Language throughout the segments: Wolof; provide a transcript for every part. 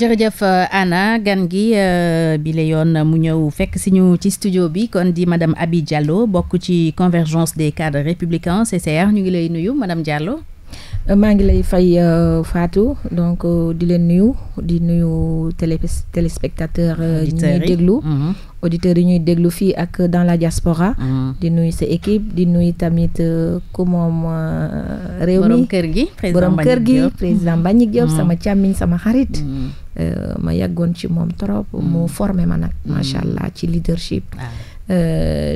jërëjëf euh, Anna gan gi euh, bi la yoon mu ñëw fekk si ñu ci studio bi kon di madame abi Diallo bokk ci convergence des cadres républicains CCR ñu ngi lay nuyu madame Diallo Euh, maa ngi lay fay euh, faatu donc euh, di leen nuyu di nuyu télé téléspectateur yi ñuy déglu mm-hmm. auditeurs yi ñuy déglu fii ak dans la diaspora mm-hmm. di nuyu sa équipe di nuyu tamit ku moom réew mi borom kër gi borom kër gi président Mbagnick Diop mm-hmm. sama càmmiñ sama xarit ma yàggoon ci moom trop mu formé ma nag macha allah ci leadership ah.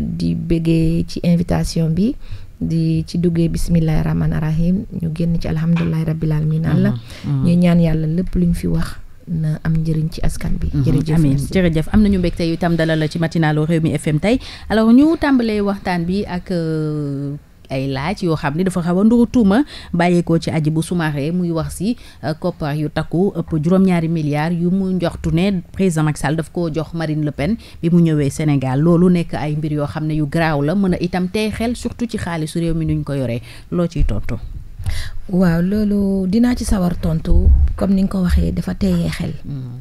di bëggee ci invitation bi di ci duggee bisimillahi rahmaani rahim ñu génn ci alhamdulilahi rabbil alamin allah uh-huh, uh-huh. ñuy ñaan yàlla lépp lu ñu fi wax na am njëriñ ci askan bi uh-huh, jërëjëf amiin jërëjëf am nañu mbégte itam dalal la ci matinalu Rewmi FM tey alors ñu tàmbalee waxtaan bi ak euh, ay laaj yoo xam ni dafa xaw a nduru tuuma bàyyeekoo ci Hadjibou Soumaré muy wax si euh, koppar yu takku ëpp juróom-ñaari milliards yu mu njoxtu ne président Macky Sall daf koo jox Marine Le Pen bi mu ñëwee Sénégal loolu nekk ay mbir yoo xam ne yu garaaw la mën a itam tey xel surtout ci xaalisu réew mi nuñ ko yoree loo ciy tontu. waaw loolu dinaa ci sawar tontu comme ni nga ko waxee dafa teeyee xel hmm.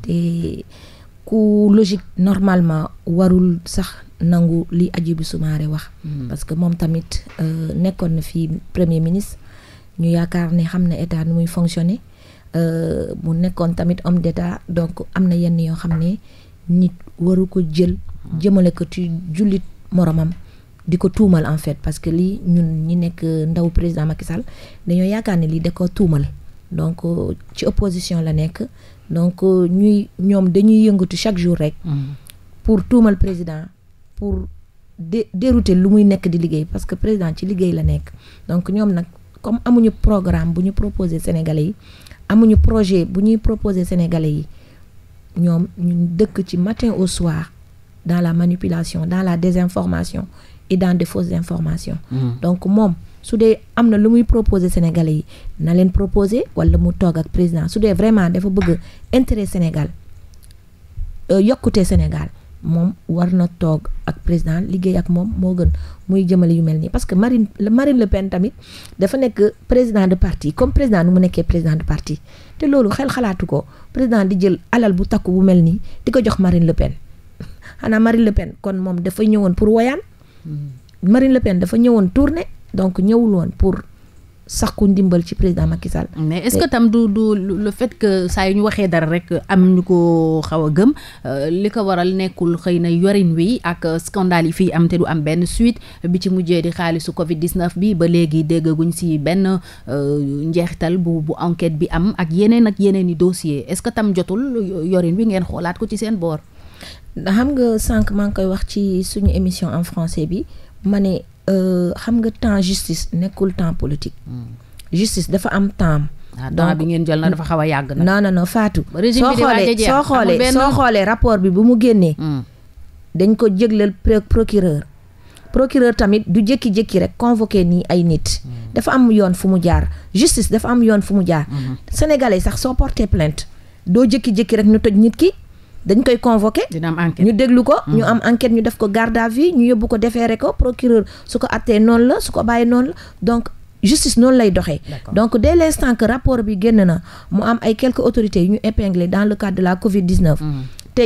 ku logique normalement warul sax nangu li Hadjibou Soumaré wax. Mm. parce que moom tamit euh, nekkoon na fi premier ministre ñu yaakaar ne xam na état nu muy fonctionner euh, mu nekkoon tamit homme d'état donc am na yenn yoo xam ne nit waru ko jël mm. jëmale ko ci jullit moromam di ko tuumal en fait parce que lii ñun ñi nekk ndaw président Macky Sall dañoo yaakaar ne lii da ko tuumal. donc ci opposition la nekk donc ñuy ñoom dañuy yëngatu chaque jour rek. Mm. pour tuumal président pour dé dérouter lu muy nekk di liggéey parce que président ci liggéey la nekk donc ñoom nag comme amuñu programme bu ñu proposé Sénégalais yi amuñu projet bu ñuy proposé Sénégalais yi ñoom ñu dëkk ci matin au soir dans la manipulation dans la désinformation et dans de fausses informations. Mm. donc moom. su dee am na lu muy proposé Sénégalais yi na leen proposé wala mu toog ak président su dee vraiment dafa bëgg intérêt Sénégal euh, yokkute Sénégal moom war na toog ak président liggéey ak moom moo gën muy jëmale yu mel nii parce que Marine Marine Le Pen tamit dafa nekk président de parti comme président nu mu nekkee président de parti te loolu xel xalaatu ko président di jël alal bu takk bu mel nii di ko jox Marine Le Pen xanaa Marine Le Pen kon moom dafa ñëwoon pour woyaan mm-hmm. Marine Le dafa ñëwoon tournée. donc ñëwul woon pour sakku ndimbal ci président Macky Sall. mais est-ce que tam du du le fait que saa yu ñu waxee dara rek am ñu ko xaw a gëm euh, li ko waral nekkul xëy na yorin wi ak scandale yi fii am te du am benn suite bi ci mujjee di xaalisu Covid 19 bi ba léegi déggaguñ si benn euh, njeexital bu bu enquête bi am ak yeneen ak yeneen i dossier est-ce que tam jotul yorin wi ngeen xoolaat ko ci seen boor. xam nga sànq maa ngi koy wax ci suñu émission en français bi Euh, xam nga temps justice nekkul temps politique. Hmm. justice dafa am ah, temps donc bi ngeen jël na dafa xaw a yàgg na. non no non Fatou. soo xoolee soo xoolee rapport bi bu mu génnee. Hmm. dañ ko jégleel procureur. procureur tamit du jékki-jékki rek convoqué nii ay nit. Hmm. dafa am yoon fu mu jaar justice dafa am yoon fu mu jaar. sénégalais sax soo porté plainte doo jëkki jëkki rek ñu toj nit ki. dañ koy convoqué. dina am ñu déglu ko. Mm-hmm. ñu am enquête ñu def ko garde à vue ñu yóbbu ko defeere ko procureur su ko attee noonu la su ko bàyyi noon la donc. justice noonu lay doxee donc dès l'instant que rapport bi génn na mu am ay quelques autorité yu ñu épinglé dans le cadre de la Covid 19 mm. te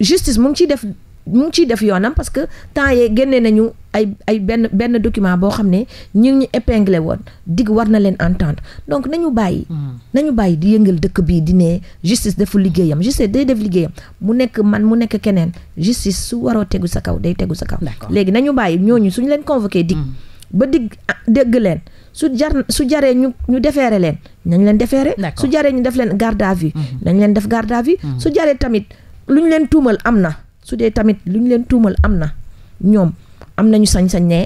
justice mu ngi ciy def mu ciy def yoonam parce que temps yee génnee nañu ay benn benn document boo xam ne ñu ngi ñu épinglé woon digg war na leen entendre donc nañu bàyyi. Hmm. nañu bàyyi di yëngal dëkk bi di ne justice deful liggéeyam justice day def liggéeyam mu nekk man mu nekk keneen justice su waroo tegu sa kaw day tegu sa kaw. léegi nañu bàyyi ñoo ñooñu suñu leen convoqué digg. Hmm. ba digg ah, dégg leen su jar su jaree ñu ñu defeere leen nañ leen defeere su jaree ñu def leen garde à vue. Hmm. nañ leen def garde à vue. su jaree tamit lu ñu leen tuumal am na. su dee tamit lu ñu leen tuumal am na ñoom am nañu sañ-sañ ne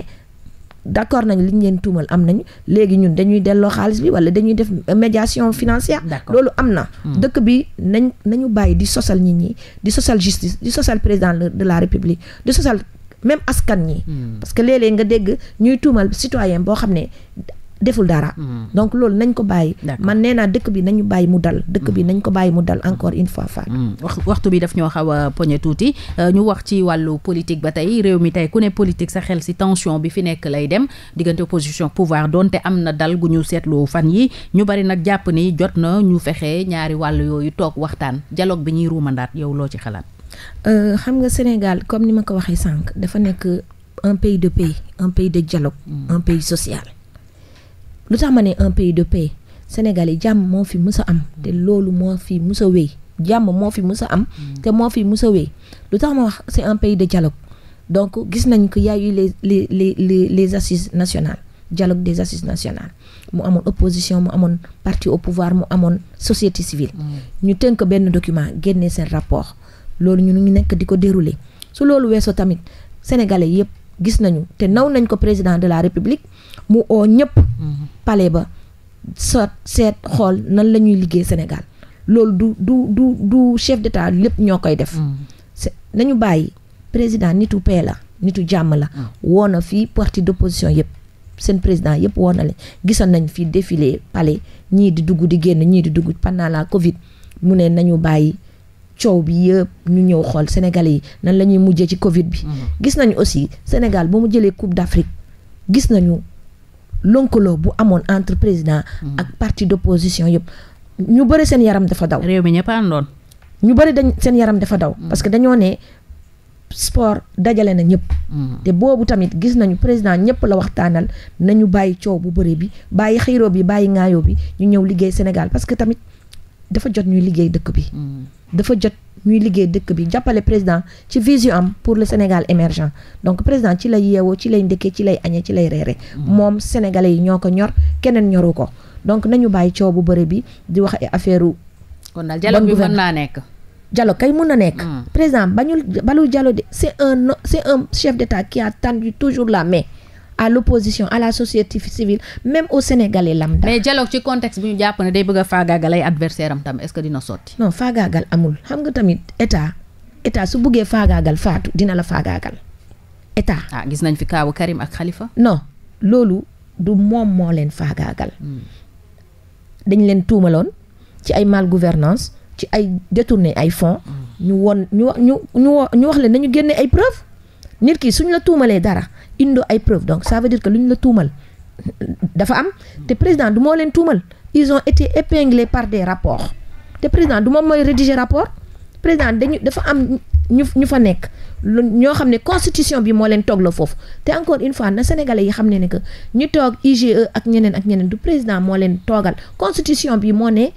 d'accord nañ li ñu leen tuumal am nañu léegi ñun dañuy delloo xaalis bi wala dañuy def médiation financière loolu am na hmm. dëkk bi nañ nañu bàyyi di sosal nit ñi di sosal justice di sosal président de la république di sosal même askan ñi hmm. parce que léeg nga dégg ñuy tuumal citoyen boo xam ne deful dara. Hmm. donc loolu nañ ko bàyyi. man nee naa dëkk bi nañu bàyyi mu dal. dëkk bi hmm. nañ ko bàyyi mu dal encore une fois Fatou. Hmm. waxtu bi daf ñoo xaw a tuuti euh, ñu wax ci wàllu politique ba tey réew mi tey ku ne politique sa xel si tension bi fi nekk lay dem diggante opposition pouvoir donte am na dal gu ñu seetlu fan yi ñu bari nag jàpp ni jot na ñu fexe ñaari wàll yooyu toog waxtaan dialogue bi ñuy ruumandaat yow loo ci xalaat. Euh, xam nga Sénégal comme ni ma ko waxee sànq dafa nekk un pays de paix un pays de dialogue mm. un pays lu tax ma ne un pays de paix Sénégal yi jàmm moo fi musa am te loolu moo fi mës a wéy jàmm moo fi mës am mm. te moo fi mës a wéy lu tax ma wax c'est un pays de dialogue donc gis nañ que y a eu les les les les les assises nationales dialogue des assises nationales mu amoon opposition mu amoon parti au pouvoir mu amoon société civile mm. ñu tënk benn document génne seen rapport loolu ñu nu ngi nekk di ko dérouler su loolu weesoo tamit sénégalais yëpp gis nañu te naw nañ ko président de la république mu oo ñëpp. Mhm. pale ba sot seet xool nan la ñuy liggéey Sénégal loolu du du du du chef d'état lépp ñoo koy def. Mhm. nañu bàyyi président nitu paix la nitu jàmm la. Mhm. woo na fii parti d'opposition yëpp. seen président yëpp woo na gisoon nañ fi défilé palais ñii di dugg di génn ñii di dugg pendant la Covid mu ne nañu bàyyi coow bi yëpp ñu ñëw xool Sénégalais yi nan la ñuy mujjee ci Covid bi. gis nañu aussi Sénégal ba mu jëlee Coupe d'Afrique gis nañu. lënkaloo bu amoon entre président mm. ak parti d'opposition yëpp ñu bëri seen yaram dafa daw. réew mi ñëpp àndoon. ñu bëri dañ seen yaram dafa daw. Mm. parce que dañoo ne sport dajale na ñëpp. Mm. te boobu tamit gis nañu président ñëpp la waxtaanal nañu bàyyi coow bu bëri bi bàyyi xiiroo bi bàyyi ŋaayoo bi ñu ñëw liggéey Sénégal parce que tamit dafa jot ñuy liggéey dëkk bi. dafa jot ñuy liggéey dëkk bi jàppale président ci vision am pour le Sénégal émergent donc président ci lay yeewoo ci lay ndëkkee ci lay añee ci lay reere mm. moom sénégalais yi ñoo ko ñor keneen ñoru ko donc nañu bàyyi coow bu bëri bi di wax ay affaire kon daal dialogue bi mën naa nekk. dialogue kay mun a nekk. Mm. président bañul balul dialogue de c'est un c'est un chef d'état qui a tendu toujours la mais à l'opposition à la société civile même au Sénégalais lambda. mais dialogue ci contexte bi ñu jàpp ne day bëgg a faagaagal ay adversaire am tam est-ce dina sotti. non faagaagal amul xam nga tamit état état su buggee faagaagal faatu dina la faagaagal état. ah gis nañ fi kaawu Karim ak Khalifa. no loolu du moom moo leen faagaagal. Mm. dañ leen tuumaloon ci ay mal gouvernance ci ay détourné ay fonds. Hmm. ñu won ñu ñu ñu wax leen nañu génnee ay preuves. nit ki suñu la tuumalee dara indo ay preuve donc ça veut dire que ñu la tuumal dafa am te président du moo leen tuumal ils ont été épinglés par des rapports te président du moom mooy rédiger rapport président dañu dafa am ñu ñu fa nekk ñoo xam ne constitution bi moo leen toog la foofu te encore une fois na sénégalais yi xam ne ne que ñu toog IGE ak ñeneen ak ñeneen du président moo leen toogal constitution bi moo ne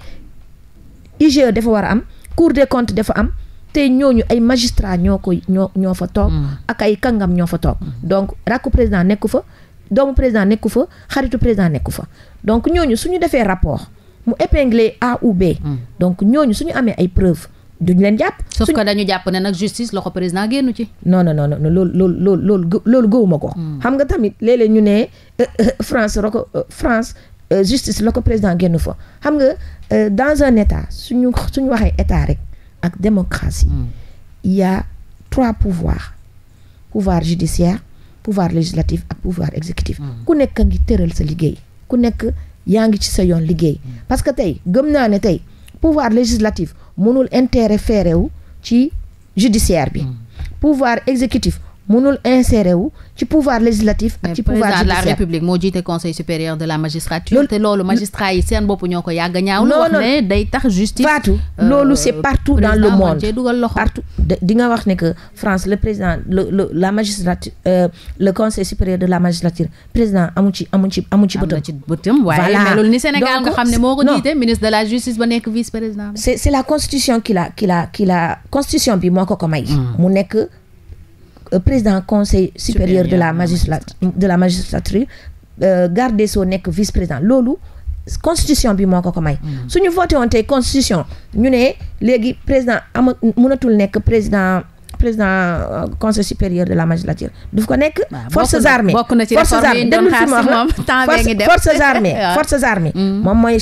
IGE dafa war a am cour de comptes dafa am te ñooñu ay magistrat ñoo ko ñoo ñoo fa toog. Mm. ak ay kàngam ñoo fa toog. Mm. donc rakku président nekku fa doomu président nekku fa xaritu président nekku fa donc ñooñu suñu defee rapport mu épinglé A ou B. Mm. donc ñooñu suñu amee ay preuves. duñ leen jàpp. sauf que dañu jàpp ne nag justice loxo président génnu ci. non non non non loolu loolu loolu loolu gëwuma ko. xam nga tamit léeg ñu ne euh, euh, France roko euh, France justice loxo président génnu fa. xam nga dans un état su ñu waxee état rek. ak démocratie hmm. il y a trois pouvoirs pouvoir judiciaire pouvoir législatif ak pouvoir exécutif hmm. ku nekk a ngi tëral sa liggéey ku nekk yaa ngi ci sa yoon liggéey hmm. parce que tey gëm naa ne tey pouvoir législatif mënul interférer wu ci judiciaire bi pouvoir exécutif mënul insérer wu ci pouvoir législatif ak ci pouvoir judiciaire la moo jiite conseil supérieur de la magistrature te loolu magistrat yi seen bopp ñoo ko yàgg a ñaaw wax ne day tax justice faatu euh, loolu c'est partout dans le monde partout nga wax ne que France le président le la magistrature euh, le conseil supérieur de la magistrature président amu ci amu ci amu ci bëtam waaye melul ni Sénégal nga xam ne moo ko jiite ministre de la justice ba nekk vice président c'est c'est la constitution qui la qui la constitution bi moo ko ko may hmm. mu nekk Euh, président conseil supérieur de la magistrature de la magistrature euh, garde des sceaux nekk vice président loolu constitution bi moo ko ko may mm. suñu voté woon tey constitution ñu ne léegi président am ama mënatul nekk président président euh, conseil supérieur de la magistrature daf ko nekk forces armées mm. forces armées déglu fi ma wax la forces moom mooy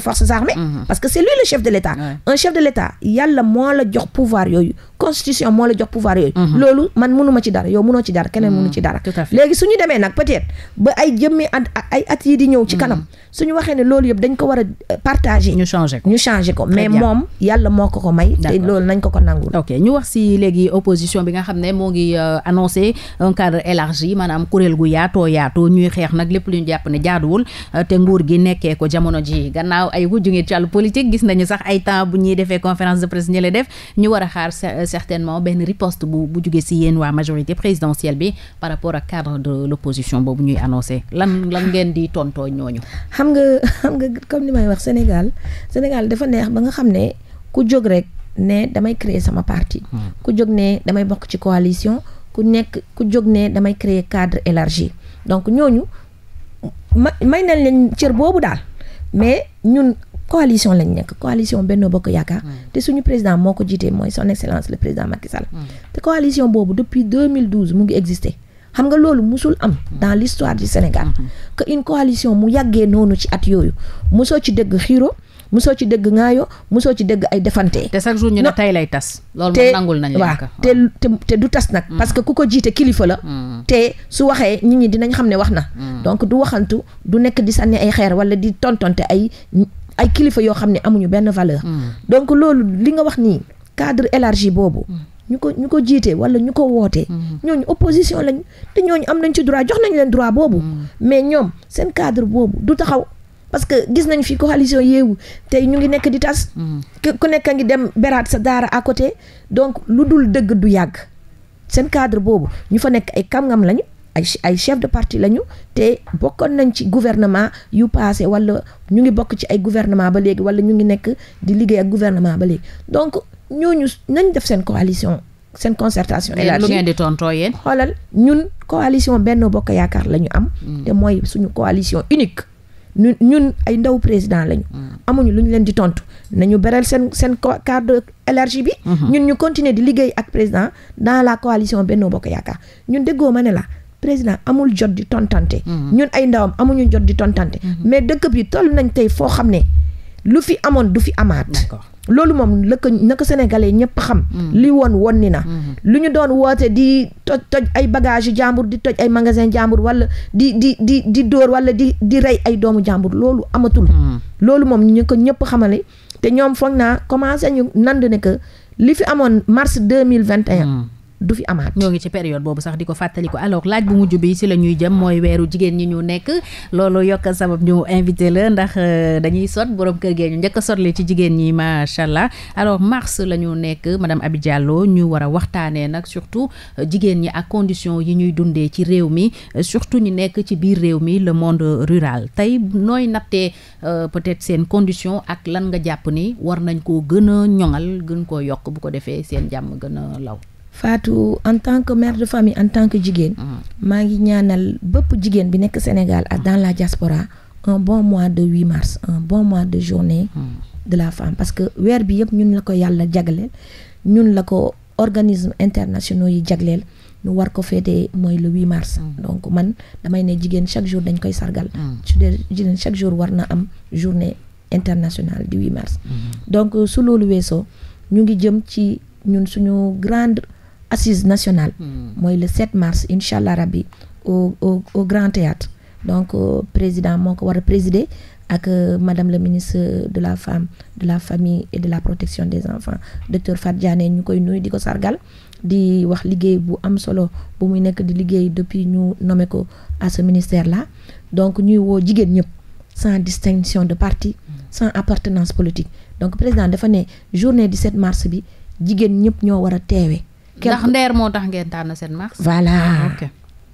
forces armées parce que c'est lui le chef de l'État un chef de l'État yàlla moo la jox pouvoir yooyu constitution moo la jox pouvoir mhm. loolu man mënuma ci dara yow mënoo ci dara keneen mhm. mënu ci dara léegi suñu demee nag peut-être ba ay jëmmi at ay at yi di ñëw ci mhm. kanam suñu waxee ne loolu yëpp dañ ko war a euh, partager ñu ñu changer ko mais moom yàlla moo ko ko may te loolu nañ ko ko nangul ok ñu wax si léegi opposition bi nga xam ne moo ngi euh, annoncé un cadre élargi maanaam kuréel gu yaatoo yaatoo ñuy xeex nag lépp lu ñu jàpp ne jaaduwul euh, te nguur gi nekkee ko jamono ji gannaaw ay wujju ngeen ci wàllu politique gis nañu sax ay temps bu ñuy defee conférence de presse ñi la a Euh, certainement benn riposte bu jugee si yéen waa majorité présidentielle bi par rapport a cadre de l'opposition boobu ñuy annoncé lan lan ngeen di tontoo ñooñu. xam nga xam nga comme ni may wax Sénégal Sénégal dafa neex ba nga xam ne ku jóg rek ne damay créer sama parti. Hmm. ku jóg ne damay bokk ci coalition ku nekk ku jóg ne damay créer cadre élargi donc ñooñu may nañ leen cër boobu daal mais ñun coalition lañ nekk coalition Benno Bokk Yaakaar. Hmm. te suñu président moo ko jiitee mooy son excellence le président Macky Sall. Hmm. te coalition boobu depuis 2012 mu ngi exister xam nga loolu mosul am. Hmm. dans l'histoire du Sénégal. que une coalition mu yàggee noonu ci at yooyu mosoo ci dégg xiiro mosoo ci dégg ŋaayo mosoo ci dëgg ay defante. te chaque jour ñu ne tey lay tas. loolu moom nangul nañ la te du tas nag. parce que ku ko jiite kilifa la. te su waxee nit ñi dinañ xam ne wax na. donc du waxantu du nekk di sànni ay xeer wala di tontonte ay. ay kilifa yoo xam ne amuñu benn valeur. Hmm. donc loolu li nga wax nii cadre élargi boobu. Hmm. ñu ko ñu ko jiitee wala ñu ko wootee. Hmm. ñooñu opposition lañ te ñooñu am nañ ci droit jox nañ leen droit boobu. mais ñoom seen cadre boobu du taxaw. parce que gis nañ fi coalition yeewu tey ñu ngi nekk di tas. ku nekk a ngi dem beraat sa daara à côté donc lu dul dëgg du yàgg. seen cadre boobu ñu fa nekk ay kam-ngam lañu. ay ay chef de parti lañu te bokkoon nañ ci gouvernement yu passé wala ñu ngi bokk ci ay gouvernement ba léegi wala ñu ngi nekk di liggéey ak gouvernement ba léegi donc ñooñu nañ def seen coalition seen concertation élargie lu ngeen di tontoo yéen xoolal ñun coalition Benno Bokk Yaakaar la ñu am mm. mooy suñu coalition unique ñun ñun ay ndaw président lañu mm. amuñu lu ñu leen di tontu nañu beral seen seen cadre élargi bi mm-hmm. ñun ñu continuer di liggéey ak président dans la coalition Benno Bokk Yaakaar ñun déggoo ma ne la président amul jot di tontante. Mhm. ñun ay ndawam amuñu jot di tontante. Mhm. mais dëkk bi toll nañ tey foo xam ne lu fi amoon du fi amaat. loolu moom lëkk ko na ko ñëpp xam. Mhm. li woon woon ni na. lu ñu doon woote di toj toj ay bagages yu jàmbur di toj ay magasin jàmbur wala di di di di dóor wala di di rey ay doomu jàmbur loolu amatul. loolu moom ñu ko ñëpp xamale te ñoom foog naa commencé ñu nand ne que li fi amoon mars deux mille vingt et du fi amaat. ñoo ngi ci période boobu sax di ko fàttali ko alors laaj bu mujj bi si la ñuy jëm mooy weeru jigéen ñi ñu nekk loolu yokkal sabab ñu invité la ndax euh, dañuy sot borom kër gee ñu njëkk sotle ci jigéen ñi macha allah alors mars la ñu nekk madame Abi Diallo ñu war a waxtaanee nag surtout euh, jigéen ñi ak condition yi ñuy dundee ci réew mi euh, surtout ñu nekk ci biir réew mi le monde rural tey nooy nattee peut-être seen condition ak lan nga jàpp ni war nañ koo gën a ñoŋal gën koo yokk bu ko defee seen jàmm gën a law Fatou en tant que mère de famille en tant que jigéen. Mm-hmm. maa ngi ñaanal bépp jigéen bi nekk Sénégal ak dans la diaspora un bon mois de mars un bon mois de journée. Mm-hmm. de la femme parce que weer bi yëpp ñun la ko yàlla jagleel ñun la ko organisme internationaux yi jagleel ñu war ko féetee mooy le 8 mars. Mm-hmm. donc man damay ne jigéen chaque jour dañ koy sargal. su dee jigéen chaque jour war na am journée internationale di 8 mars. donc euh, su loolu weesoo ñu ngi jëm ci ñun suñu assise nationale. Hmm. mooy le 7 mars incha allah rabbi au grand théâtre donc euh, président moo ko war a présider ak euh, madame la ministre de la femme de la famille et de la protection des enfants docteur Fatou Diané ñu koy nuy di ko sargal di wax liggéey bu am solo bu muy nekk di liggéey depuis ñu nommé ko à ce ministère la donc ñuy woo jigéen ñëpp sans distinction de parti sans appartenance politique donc président dafa ne journée 17 mars bi jigéen ñëpp ñoo war a teewee. ndax ndeer moo tax ngeen tànn seen mars voilà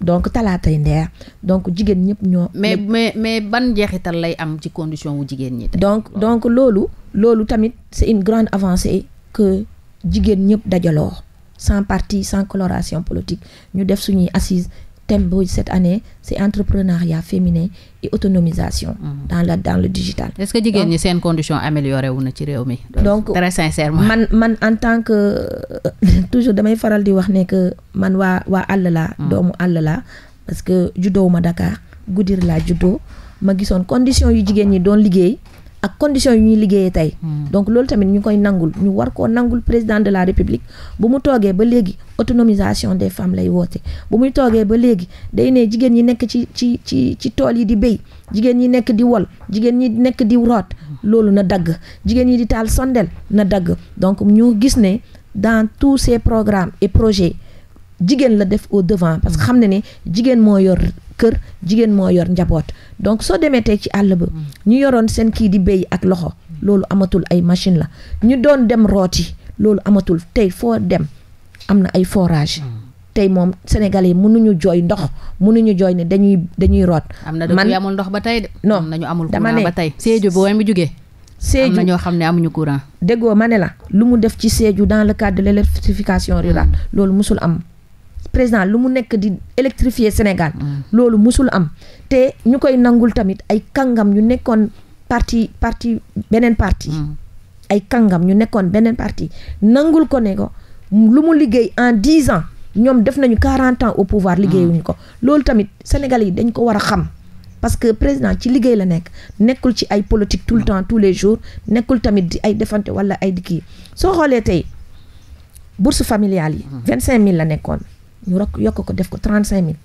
donc talaatay ndeer donc jigéen ñëpp ñoo. mais mais mais ban jeexital lay am ci condition wu jigéen ñi. donc donc loolu. loolu tamit c'est une grande avancée que jigéen ñëpp dajaloo sans parti sans coloration politique ñu def suñuy assise thème boo cette année c'est entrepreneuriat féminin et autonomisation. Mhm. dans la dans le digital. est-ce que jigéen ñi seen condition amélioré wu na ci réew mi. donc très sincèrement man man en tant que euh, toujours damay faral di wax ne que man waa waa àll laa. Mhm. doomu àll laa parce que juddoo ma Dakar Goudir laa juddoo ma gisoon condition yu jigéen ñi doon liggéey. ak condition yu ñuy liggéeyee tey. Hmm. donc loolu tamit ñu koy nangul ñu war koo nangul président de la république bu mu toogee ba léegi autonomisation des femmes lay woote bu muy toogee ba léegi day ne jigéen ñi nekk ci ci ci ci tool yi di béy jigéen ñi nekk di wol jigéen ñi nekk di loolu na dagg jigéen ñi di taal sondel na dagg donc ñu gis ne dans tous ces programme et projet jigéen la def au devant parce que xam ne ne jigéen moo yor kër jigéen moo yor njaboot donc soo demee tey ci àll bi mm. ñu yoroon seen kii di béy ak loxo mm. loolu amatul ay machine la ñu doon dem root yi loolu amatul tey foo dem am na ay forage mm. tey moom sénégal sénégalais mënuñu jooy ndox mënuñu jooy ne dañuy dañuy root am na dëkk yu amul ndox ba tey de non nañu amul courant ba tey Sédhiou boo mi jugee Sédhiou na ñoo xam ne amuñu courant déggoo ma ne la lu mu def ci Sédhiou dans le cadre de l'électrification rurale loolu musul am président lu mu nekk di électrifier Sénégal mm. loolu musul am te ñu koy nangul tamit ay kàngam ñu nekkoon parti parti beneen parti mm. ay kàngam ñu nekkoon beneen parti nangul ko ne ko lu mu liggéey en dix ans ñoom def nañu quarante ans au pouvoir mm. liggéeyuñu ko loolu tamit Sénégalais yi dañ ko war a xam parce que président ci liggéey la nekk nekkul ci ay politique tout le temps tous les jours nekkul tamit di ay defante wala ay di kii soo xoolee tey bourse familiale yi vingt cinq mille la nekkoon ñu rok yokk ko def ko trente cinq mille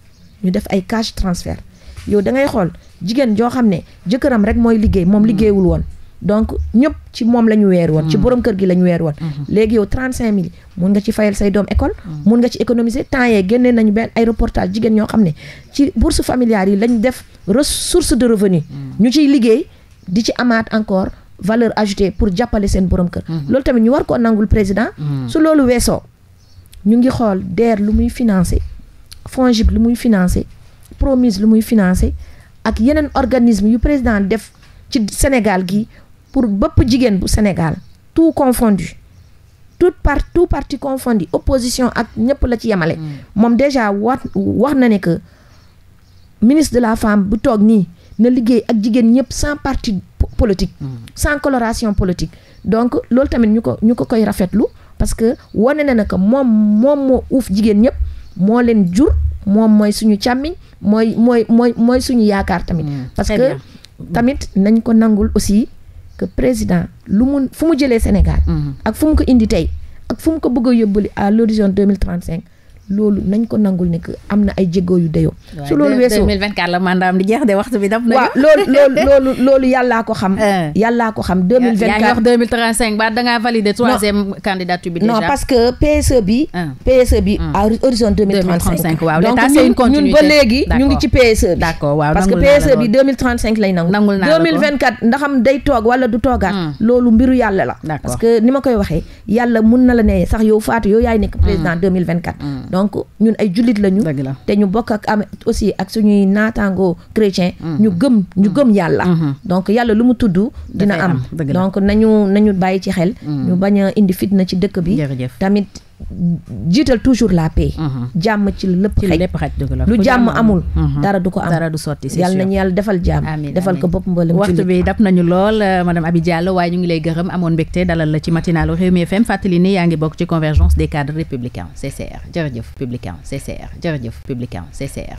ñu def ay cash transfert yow dangay xool jigéen joo xam ne jëkkëram rek mooy liggéey moom mm. liggéeyul woon donc ñëpp ci moom la ñu weer woon ci mm. borom kër gi la ñu weer woon mm-hmm. léegi yow trente cinq mille mun nga ci fayal say doom école mm. mun nga ci économiser temps yee génnee nañu benn ay reportage jigéen ñoo xam ne ci bourse familiale yi lañ def ressource de revenu ñu ciy liggéey di ci amaat encore valeur ajouté pour jàppale seen borom kër mm-hmm. loolu tamit ñu war koo nangul président su loolu weesoo ñu ngi xool DER lu muy financé FONGIP lu muy financé Promise lu muy financé ak yeneen organisme yu président def ci Sénégal gi pour bëpp jigéen bu Sénégal tout confondu tout par tout parti confondu opposition ak ñëpp la ci yemale. Mm. moom déjà wax wax na ne que ministre de la femme bu toog nii na liggéey ak jigéen ñëpp sans parti politique. Mm. sans coloration politique donc loolu tamit ñu ko ñu ko koy rafetlu. parce que wane na na ko moom moom moo uuf jigéen ñëpp moo leen jur moom mooy suñu càmmiñ mooy mooy mooy mooy suñu yaakaar tamit. Mm, parce que tamit nañ ko nangul aussi que président lu mu fu mu jëlee Sénégal. Mm. ak fu ko indi tey ak fu mu ko bëgg a yóbbali à l'horizon cinq loolu nañ ko nangul ne que am na ay jéego yu dayoo. su loolu weesoo 2024 la mandat di jeex de waxtu bi daf na. yàllaa ko xam. Euh. yàllaa ko xam 2024 yaa ngi wax 2035 ba da bi déjà. non parce que PSE bi. PSE bi à horizon 2035. waaw l'état c'est une continuité donc ñun ba léegi ñu ngi ci PSE bi. d'accord waaw parce que la e day toog wala du toogaat. Hmm. loolu mbiru yàlla la. parce que ni ma koy waxee yàlla mun na la ne sax yow Fatou yow yaay nekk président 2024. Hmm. donc ñun ay jullit lañu. te ñu bokk ak am aussi ak suñuy naataango chrétien. Mm-hmm. ñu gëm ñu gëm mm-hmm. yàlla. Mm-hmm. donc yàlla lu mu tudd. dina am donc nañu nañu bàyyi ci xel. ñu bañ a indi fitna ci dëkk bi. tamit jiital toujours la paix. Mhm. jàmm ci lépp xaj lu jàmm amul. Mhm. dara du ko am dara du sotti si yàlla nañu yàlla defal jàmm. defal ko bopp mboolem waxtu bi dab nañu lool euh, madame Aby Diallo waaye ñu ngi lay gërëm amoon mbégte dalal la ci matinalu Rewmi FM fàttali ni yaa ngi bokk ci convergence des cadres républicains CCR jërëjëf. républicain républicain CCR.